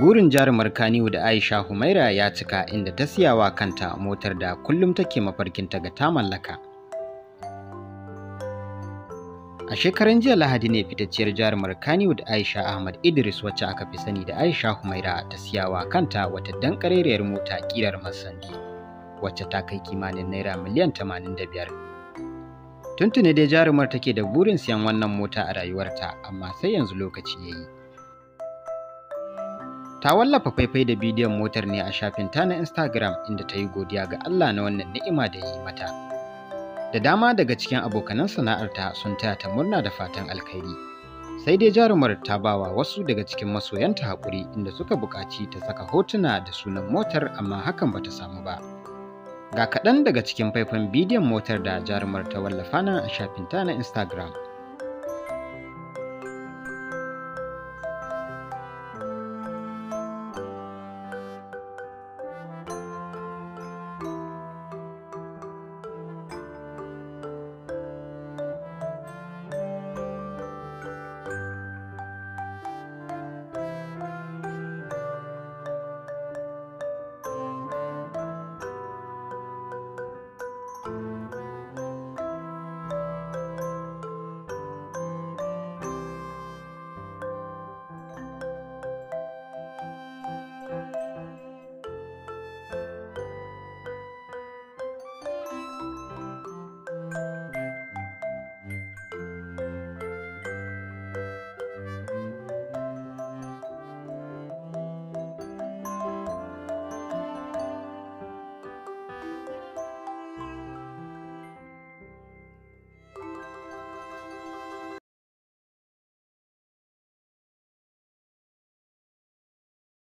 Burin jarumar Kaniwu da Aisha Humaira ya cika inda ta siyawa kanta motar da kullum take mafarkin ta ga ta mallaka. A shekaran jiya Lahadi ne fitacciyar jarumar Kaniwu da Aisha Ahmad Idris wacce aka fi sani da Aisha Humaira ta siyawa kanta wata dan ƙarerriyar mota ƙirar Masandi wacce ta kai kimanin naira miliyan 85. Tuntuni dai jarumar take da burin siyan wannan mota a rayuwarta amma sai yanzu lokaci ya yi. ta wallafa faifai da bidiyon motar ne a shafin ta na Instagram inda ta yi godiya ga Allah na wannan ni'ima da ya yi mata. Da dama daga cikin abokanan sana'arta sun taya ta murna da fatan alkhairi. Sai dai jarumar ta bawa wasu daga cikin masoyanta haƙuri inda suka buƙaci ta saka hotuna da sunan motar amma hakan bata samu ba. Ga kaɗan daga cikin faifan bidiyon motar da jarumar ta wallafa na a shafinta na Instagram.